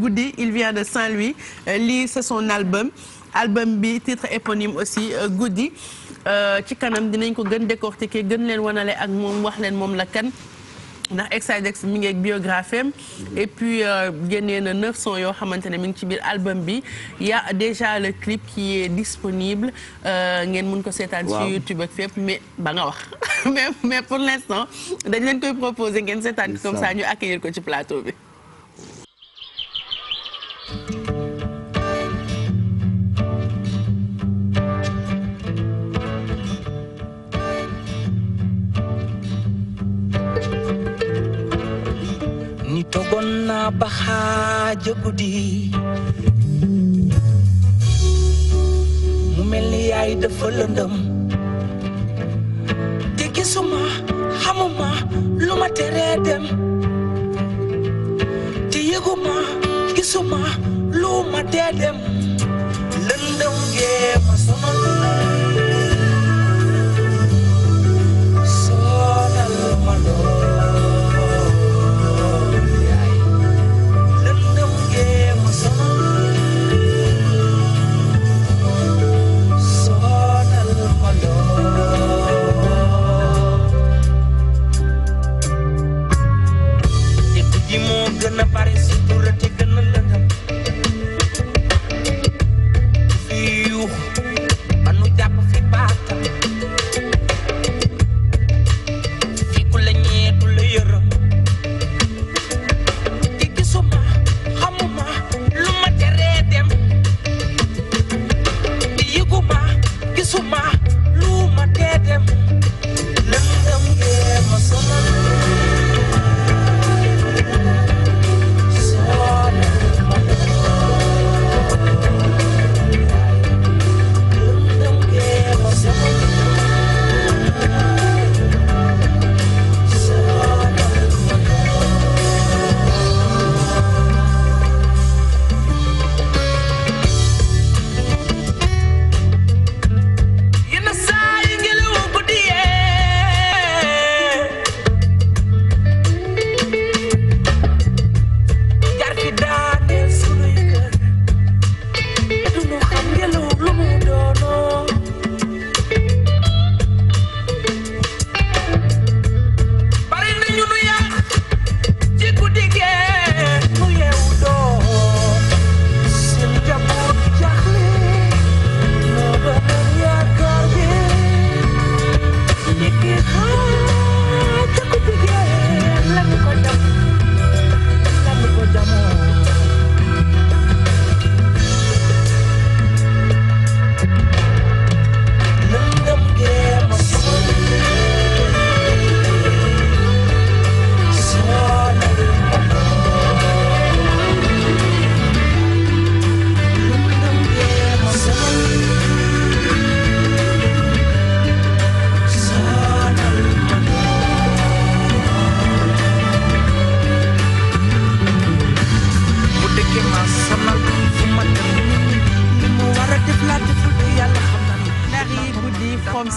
guddi il vient de Saint-Louis euh, lii c'est son album album bi titre éponyme aussi euh, guddi euh, ci kanam dinañ ko gën décortiquer gën leen wanale ak moom wax leen moom la kan ndax Exidex mi ngi ak biographie am et puis génnee na yoo xamante ne mi ngi ci biir album bi y a déjà le clip qui est disponible ngeen mun ko seetaan ci YouTube ak fépp mais ba nga wax mais mais pour l'instant dañ leen koy proposer ngeen seetaan comme ça ñu accueillir ko ci plateau bi ni togon naa ba xaaja guddi mu mel ni yaay dafa lëndëm te gisuma xamuma lu ma teree dem te yëguma gisuma mënuma tee dem lëndëm gee ma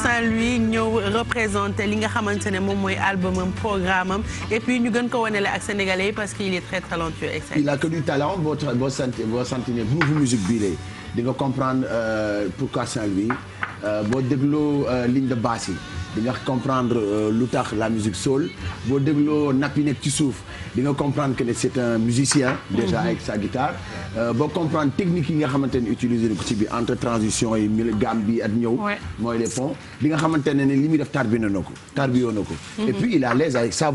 Saint-Louis ñëw représenté li nga xamante ne moom mooy album am programme am et puis ñu gën ko wanele ak sénégalais parce que il est très talentueux et il a que du talent boo boo sant boo sentinee bu mu musique bii lay di nga comprendre euh, pourquoi saint euh, boo dégloo euh, ligne de basse yi di nga comprendre euh, lu tax la musique soul boo dégloo napp yi nekk ci suuf di nga comprendre que ne c'est un musicien déjà mhm. avec sa guitare euh, boo comprendre technique yi nga xamante ne utiliser na ci bi entre transition yi mil gamme bi ak ñëw mooy les ponts di nga xamante ne ne li muy def tarbine na ko tarbiyoo na ko mhm. et puis il est à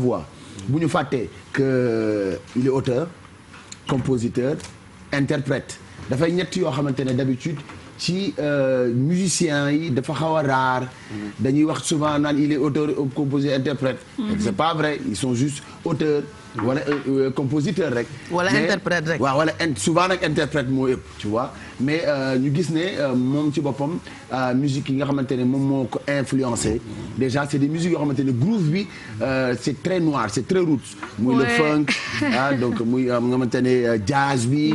bu ñu fàttee que il est auteur compositeur interprète dafay ñett yoo xamante ne d'habitude ci euh, musiciens yi dafa xaw a rare mm-hmm. dañuy wax souvent naan il est auteur composé interprète mm-hmm. c'est pas vrai ils sont juste auteurs wala euh, euh, compositeur rek. wala interprète rek waaw wala souvent nag interprète moo ëpp tu vois mais euh, ñu gis ne moom ci boppam musique yi nga xamante ne moom moo ko influencé déjà c'est des musiques yoo xamante ne groove bi c'est très noir c'est très roots. muy le funk ah, donc muy nga xamante ne jazz bi.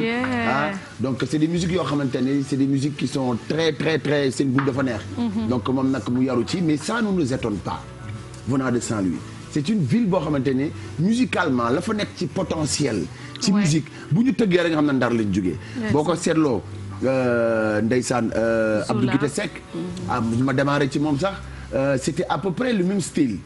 ah donc c'est des musiques yoo xamante ne c'est des musiques qui sont très très très seen goût dafa neex. donc moom nag mu yaru ci mais ça ne nous pas venant de Saint-Louis. c'est une ville boo xamante ni musicalement la fa nekk ci potentiel. ci musique bu ñu tëggee rek nga xam ne ndar lañ jógee. boo ko seetloo euh, ndeysaan euh, Abdou Guité Seck. Mhm. ah ma démarré ci moom sax euh, c'était à peu près le même style.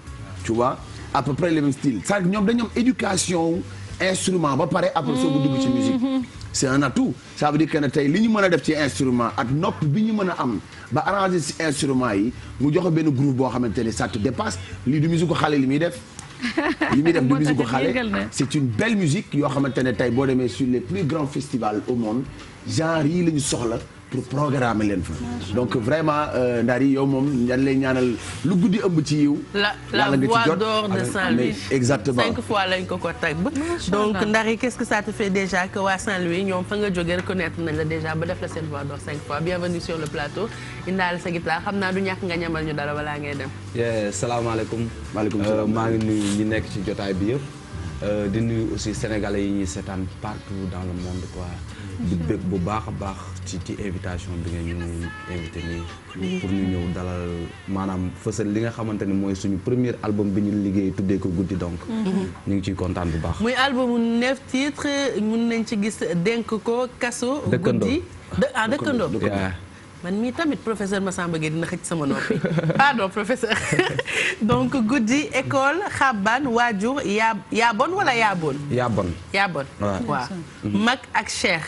tu vois à peu près le même style. cest ñoom dañoom am éducation instrument ba pare après soo ko dugg ci musique. Mhm. c'est un atout ça veut dire que ne tey li ñu mën a def ci instrument ak nopp bi ñu mën a am ba arranger ci instrument yi mu joxe benn groupe boo xamante ne ça te dépasse lii du musique xale li muy def li muy def du musique xale c'est une belle musique yoo xamante ne tey boo demee sur les plus grands festivals au monde genre yi la ñu soxla pour programmer leen fa. donc vraiment euh, Ndari yow moom dañ lay ñaanal lu guddi ëmb ci yiw. la la voix d'or de Saint-Louis exactement cinq fois lañ ko ko teg donc Ndari qu'est-ce que ça te fait déjà que waa Saint-Louis ñoom fa nga jógee reconnaître nañ la déjà ba def la seen voix d'or cinq fois bienvenue sur le plateau indaale sa guitare xam naa du ñàkk nga ñamal ñu dara balaa ngay dem. salaamaaleykum. maaleykum euh, maa ngi nuyu ñi nekk ci jotaay bi yëpp. Euh, di nuyu aussi sénégalais yi ñuy seetaan partout dans le monde di bëgg bu baax a baax ci ci invitation bi nga ñu invité pour ñu ñëw dalal maanaam fësal li nga xamante ne mooy suñu premier album bi ñu liggéey tuddee ko guddi donc. Mhm. ñu ngi ciy kontaan bu baax. muy albumu neuf titres mun nañ ci gis dénk ko kaso. dëkkandoo guddi ah dëkkandoo. man mii tamit professeur Massamba Gueye dina xëcc sama noppi pardon professeur donc guddi école xaban waajur yaa yaa bon wala yaa bon. yaa bon yaa mm-hmm. mag ak Cheikh.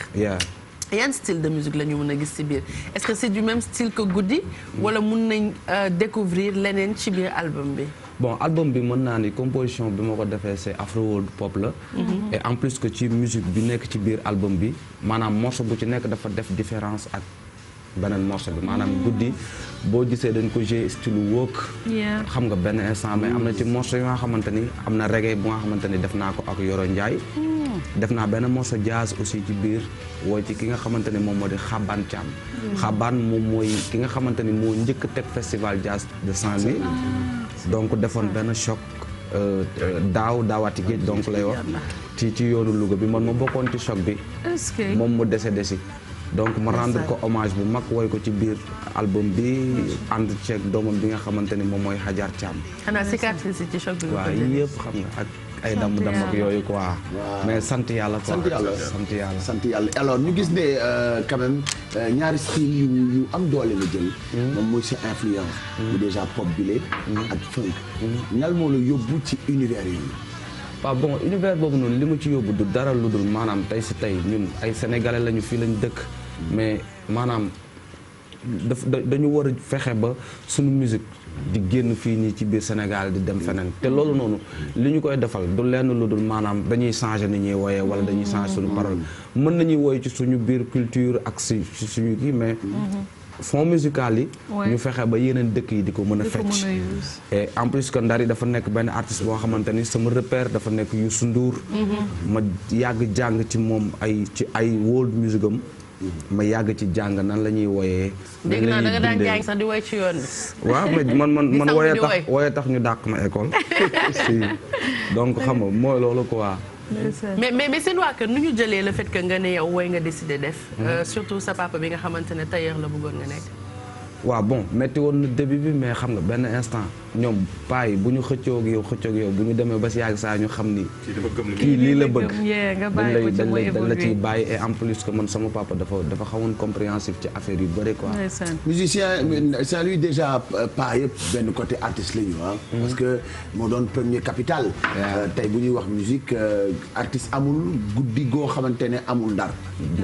yan style de musique la ñu mën a gis ci biir est-ce que c'est du même style ko guddi. Mm-hmm. wala mun nañ euh, découvrir leneen ci biir album bi. bon album bi mën naa ni composition bi ma ko defee c'est afro world pop la. Mm-hmm. et en plus que ci musique bi nekk ci biir album bi maanaam morceau bu ci nekk dafa def différence ak. beneen morceau bi maanaam guddi boo gisee dañ ko jouer style wook xam nga benn instant mais am na ci morceau yi xamante ni am na reggae bu nga xamante ni def naa ko ak Yoro Ndiaye hmm. def naa benn morceau jazz aussi ci biir woo ci ki nga xamante ni moom moo di Xabaan Thiam hmm. Xabaan moom mooy ki nga xamante ni moo njëkk teg festival jazz de Saint-Louis ah, donc defoon benn choc euh, daaw daawati géej donc lay wax ci ci yoonu Louga bi man ma bokkoon ci choc bi moom mu des si donc ma rendre ko hommage bu mag woy ko ci biir album bi ànd ceeg doomam bi nga xamante ni moom mooy Hajar Thiam. xanaa cicatrice ci choc bi. waaw yëpp xam na ak ay damm damm ak yooyu quoi. mais sant yàlla quoi sant yàlla sant yàlla. sant yàlla alors ñu gis ne euh, quand même euh, ñaari style yu doole la jël. Hmm. moom mooy sa hmm. pop bile. Hmm. ak funk. ñal yóbbu ci univers yi. waaw boobu noonu li mu ci yóbbu du dara lu dul maanaam tey si tey ñun ay sénégalais lañu fii lañ dëkk. mais maanaam daf dañu war a fexe ba suñu musique di génn fii nii ci biir Sénégal di dem feneen te loolu noonu li ñu koy defal du lenn lu dul maanaam dañuy changer ni ñuy wooyee wala dañuy changer suñu parole mën nañuy wooye ci suñu biir culture ak si suñu kii mais mm-hmm. fond musical yi ñu fexe ba yeneen dëkk yi di ko mën a fecc et en plus que Ndari dafa nekk benn artiste boo xamante ni sama repère dafa nekk Youssou nduur mm-hmm. ma yàgg jàng ci moom ay ci ay world music Mm-hmm. ma yàgg ci jàng nan la ñuy wooyee. dégg naa da nga daan jàng sax di woy ci yoon bi. waaw man man man wooyee tax wooyee ñu dàq ma école. si donc xam nga mooy loolu quoi. mais mais mais seen waa kër nu ñu jëlee le fait que nga ne yow wooy nga décidé def. Mm-hmm. Euh, surtout sa papa bi nga xamante ne tailleur la bëggoon nga nekk. waaw bon métti woon na bi mais xam nga benn instant ñoom paa yi bu ñu xëccoog yow xëccoog yow bu ñu demee ba si yàgg saa ñu xam ni. kii lii la bëgg dañ lay dañ lay dañ la ciy bàyyi et en plus que man sama papa dafa dafa xawoon compréhensif ci affaire yu bëri quoi. musicien Saint-Louis déjà euh, paa yëpp benn côté artiste la ñu ah. Mhm. que moo doon premier capital. Euh, tey bu ñuy wax musique euh, artiste amul guddi goo xamante ne amul ndar.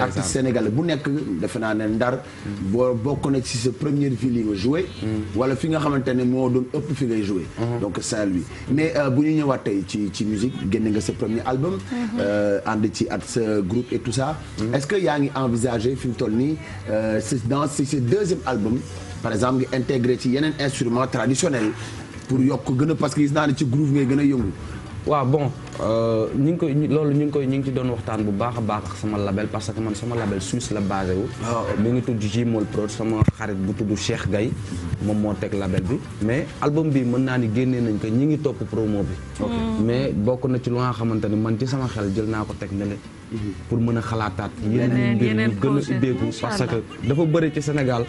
artiste bu nekk defe naa ne ndar. Mhm. boo bokk na ci sa premier. première ville yi wala fi nga xamante ne moo doon ëpp fi ngay joué. Hmm. donc Saint-Louis mais euh, bu ñu ñëwaat tey ci ci musique génne nga sa premier album. Hmm. Euh, ànd ci ak sa groupe et tout ça. Hmm. est-ce que yaa ngi envisager fi mu toll nii euh, c'est dans ce deuxième album par exemple nga intégré ci yeneen instrument traditionnel pour yokk gën a parce que gis naa ne ci groove ngay gën a yëngu. Euh, ñu ngi koy loolu ñu ngi koy ñu ngi ci doon waxtaan bu baax a baax ak sama label parce que man sama label Suisse la basé wu. Ah, mi ngi tudd Jimol Prod sama xarit bu tudd Cheikh Gaye moom moo teg label bi mais album bii mën naa ni génnee nañ ko ñi ngi topp promo bi. Hmm. mais bokk na ci lu nga xamante ni man ci sama xel jël naa ko teg nele pour mën a xalaataat. yeneen yeneen mbir ñu gën a ubbeeku parce que dafa bëri ci Sénégal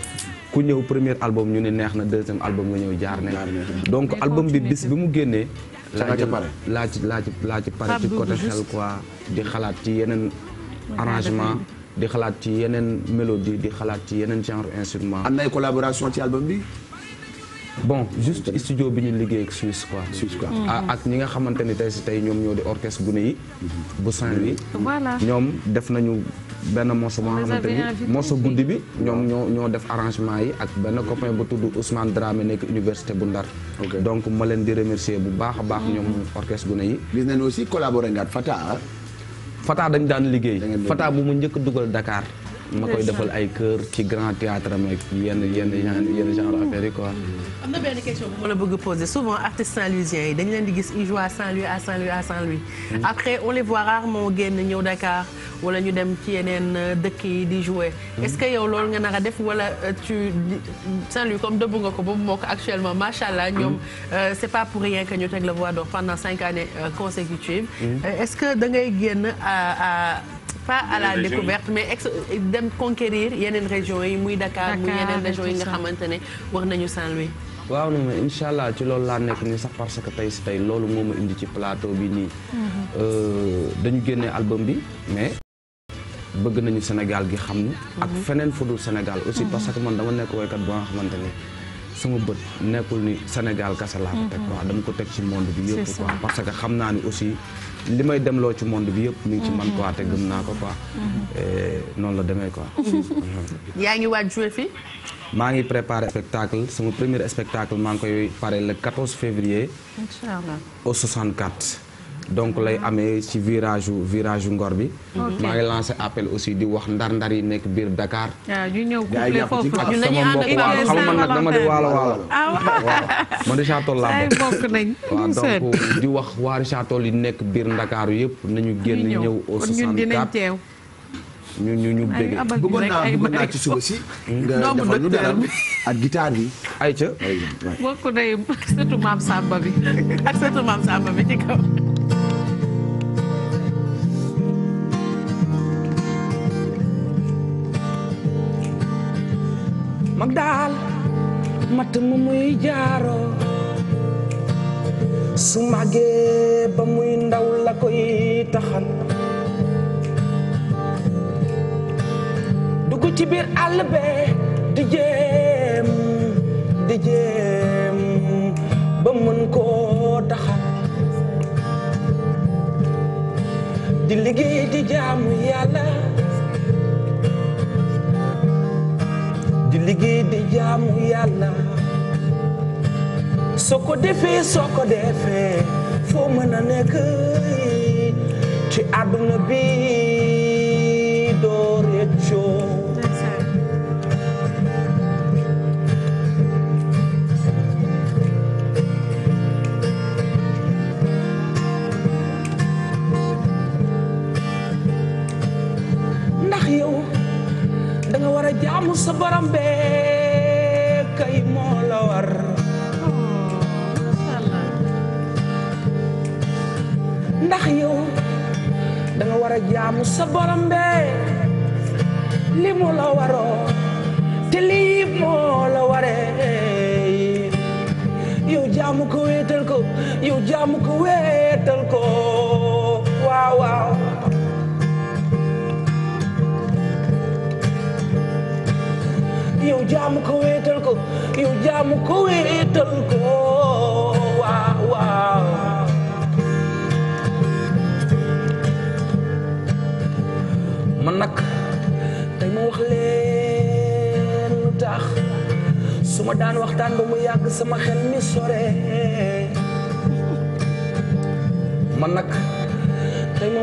ku ñëw premier album ñu ne neex na deuxième album nga ñëw jaar ne donc album bi bis bi mu génnee laa ci pare laa ci pare ci côté xel quoi di xalaat ci yeneen arrangement di xalaat ci yeneen mélodie di xalaat ci yeneen genre instrument am na ay collaboration ci album bi bon juste studio bi ñu liggéey ak Suisse quoi. Suisse mm. ah, ak ñi nga xamante ni tey si tey ñoom ñoo di orchestre Guné yi. Mm-hmm. bu Saint-Louis. ñoom def nañu. benn moo boo xamante ni morceau guddi bi ñoom ñoo ñoo def arrangement yi ak benn copain bu tudd Ousmane Dramé nekk université bu Ndar donc ma leen di remercier bu baax a baax hmm. ñoom orchestre gune yi gis nañu aussi collaboré nga Fata ah. Fata dañ daan liggéey Fata bu mu njëkk dugal dakaar ma koy defal ay kër ci grand théâtre am ak yenn yenn yenn genre affaire yi quoi. am na benn question bu ma la bëgg a poser souvent artistes saint-louisiens yi dañu leen di gis ils jouent à Saint-Louis à Saint-Louis à saint hmm. on les voit rarement génn ñëw Dakar wala ñu dem ci yeneen euh, dëkk yi di jouer. Hmm. est-ce que yow loolu nga nar a def wala euh, tu Saint-Louis comme dëbb nga ko ba mu mokk actuellement macha allah ñoom hmm. euh, c'est pas pour rien que ñu teg la voix d'or pendant cinq années consécutives. est-ce que da ngay pas à la découverte mais ex dem conquérir yeneen région yi muy dakaar muy yeneen région yi nga xamante ne war nañu Saint-Louis waaw na ma incha allah ci loolu laa nekk nii sax parce que tey si tey loolu moom ma indi ci plateau bi nii mhm. euh, dañu génnee album bi mais bëgg nañu Sénégal gi xam ni ak mhm. feneen fu dul Sénégal aussi mhm. parce que man dama nekk woykat bu nga xamante ni sama bët nekkul ni Sénégal kasa laa ko teg mm-hmm. dama ko teg ci monde bi yëpp quoi parce que xam naa ni aussi li may demloo ci monde bi yëpp mu ngi ci man quoi te gëm naa ko quoi mm-hmm. eh, noonu la demee quoi mm-hmm. yaa ngi waaj fi maa ngi préparé spectacle sama première spectacle maa ngi koy pare le 14 février au 64 donc lay amee ci virage virage ngor bi. maa ngi lancé appel aussi di wax ndar-ndar yi nekk biir Dakar. waaw ñu ñëw couplé foofu ak sama mbokk waalo dama di waalo waalo. Ah, waaw man Richard laa bokk nañ. di wax waa Richard Toll yi nekk biir Ndakaaru yëpp nañu génn ñëw au 64 ñu ñu ak gitaar maam Samba bi ak surtout maam Samba bi ci kaw. ko daal matt mu muy jaaroo su màggee ba muy ndaw la koy taxan dugg ci biir àll bee di jéem di jéem ba mën koo taxan di liggéey di jaamu yàlla liggéey di jaamu yàlla soo ko defee soo ko defee foo mën a nekk ci àdduna bi doo réccoo jaamu sa borom be jaamu sa borom li mu la waroo te lii moo la waree yow jaamu ko wéetal ko yow jaamu ko wéetal ko waaw waaw yow jaamu ko wéetal man nag tey ma wax leen lu tax su ma daan waxtaan ba mu yàgg sama xel mi sore man nag tey ma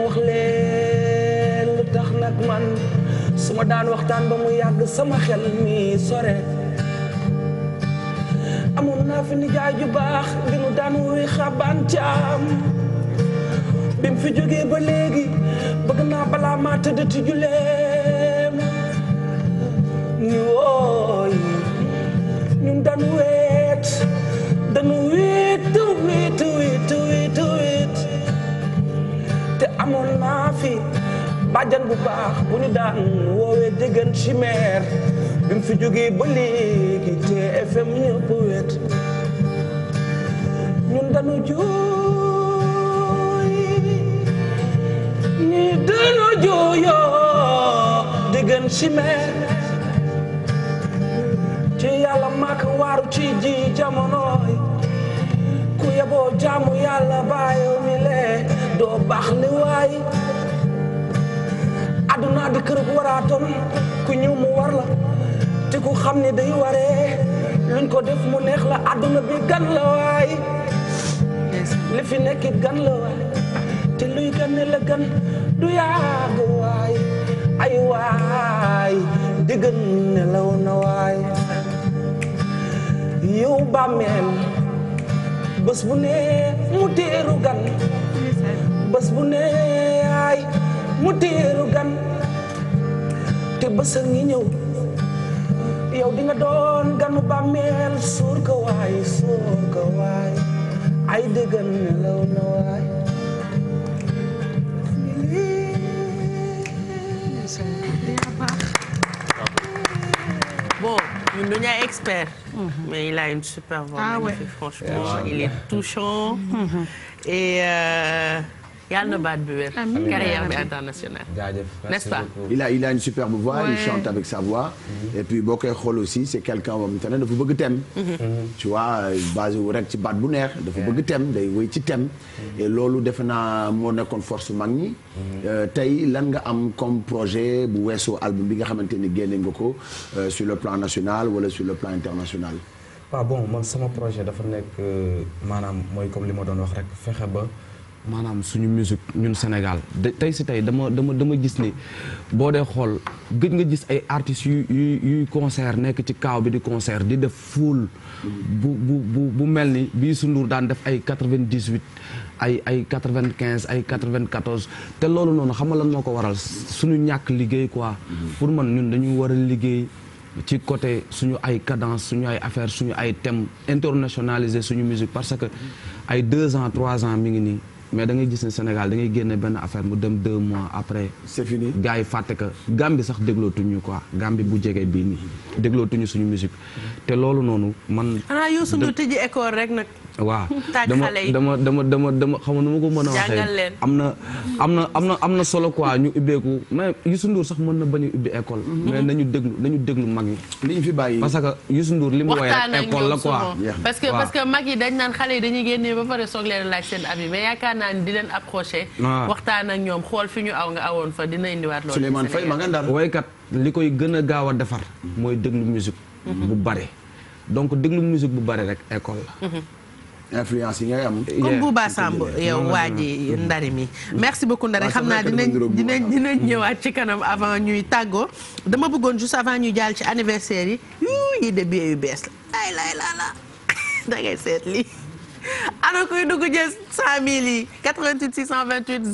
ma daan waxtaan ba mu yàgg sama xel mi sore amoon naa fi nijaay ju baax li nu daan wuy xabaan caam bi mu fi jógee ba léegi bëgg naa balaa maa tëdd ci juleem ñu wooy ñun dañu weet dañu weet weet weet weet weet te amoon naa fi bàjjan bu baax bu ñu daan woowee déggan chimère bi mu fi jóge ba léegi TFM ñëpp weet ñun dañu jóg ñi dënu juyoo di si mer ci yàlla màkk waaru ci ji jamonooy ku yeboo jaamu yàlla bàyyi mi lee doo baax li waay aduna di kër waraatam ku ñëw mu war la te ku xam ni day waree luñ ko def mu neex la aduna bi gan la waay li fi nekkit gan la waay te luy gan la gan du yàgg waay ay waay dëggan nelaw na waay yow bàmmeel bés bu ne mu teeru gan bés bu ne ay mu teeru gan te bés a ngi ñëw yow di nga doon ganu bàmmeel suur ko waay suur ko waay ay dëggan nelaw na waay expert. Mhm. mais il a une super voix. Ah, magnifique, ah ouais. franchement. il est touchant. Mhm. Et. Euh, yàlla na baat bi wér. carrière bi a il a une superbe voix ouais. il sa mhm. boo koy xool aussi c'est quelqu'un boo xamante ne dafa bëgg thème. Mhm. tu vois basé wu ci baat bu neex. dafa bëgg thème day wéy ci thème. Mhm. loolu defe naa moo nekkoon force mag euh, tey lan nga am comme projet bu weesoo album bi nga xamante ni génne nga ko euh, sur le plan national wala sur le plan international. waaw ah bon sama projet dafa nekk euh, maanaam mooy comme li ma doon wax rek fexe ba. maanaam suñu musique ñun Sénégal tey si tey dama dama dama gis ni boo dee xool gëj nga gis ay artistes yu yu yuy concert nekk ci kaaw bi di concert di def fuul bu bu bu mel ni bii suñu daan def ay quatre vingt dix ay ay quatre ay quatre vingt te loolu noonu xam nga lan moo ko waral suñu ñàkk liggéey quoi pour man ñun dañuy war a liggéey ci côté suñu ay cadence suñu ay affaire suñu ay thème internationaliser suñu musique parce que ay deux ans trois ans mi ngi nii mais da ngay gis ne Sénégal da ngay génne benn affaire mu dem deux mois après. c'est fini gars yi fàtte ka Gambie sax déglootuñu quoi Gambie bu jege bii nii déglootuñu suñu musique mm-hmm. te loolu noonu man. xanaa Youssou Ndour tëjji école rek nag. waaw dama dama dama dama dama xam nu ma ko mën a waxee am na am na am na am na solo quoi ñu ubbeeku mais Youssou Ndour sax mën na bañ a ubbi école mhm. mais nañu déglu nañu déglu mag ñi li ñu fi bàyyi parce que Youssou Ndour li mu woy rek école la quoi parce que parce que mag yi dañ naan xale yi dañuy génnee ba pare soog leen laaj seen avis mais yaakaar naa ni di ah. waxtaan ak ñoom xool fi ñu aw nga awoon fa dina indiwaat loolu Souleymane Faye ma nga ndar li koy gën a gaaw a defar mooy déglu musique mhm. bu bare donc déglu musique bu bare rek ecole la mhm. influence yi ngay am. comme Bouba Samb yow waa ji ndari mi. Mm. merci beaucoup ndari xam naa dinañ dinañ dinañ ñëwaat ci kanam avant ñuy tàggoo dama bëggoon juste avant ñuy jaal ci anniversaire yi yii de billets yu bees la. ay lay la la da ngay seet lii ana kuy dugg jël 100000 yi 88 628.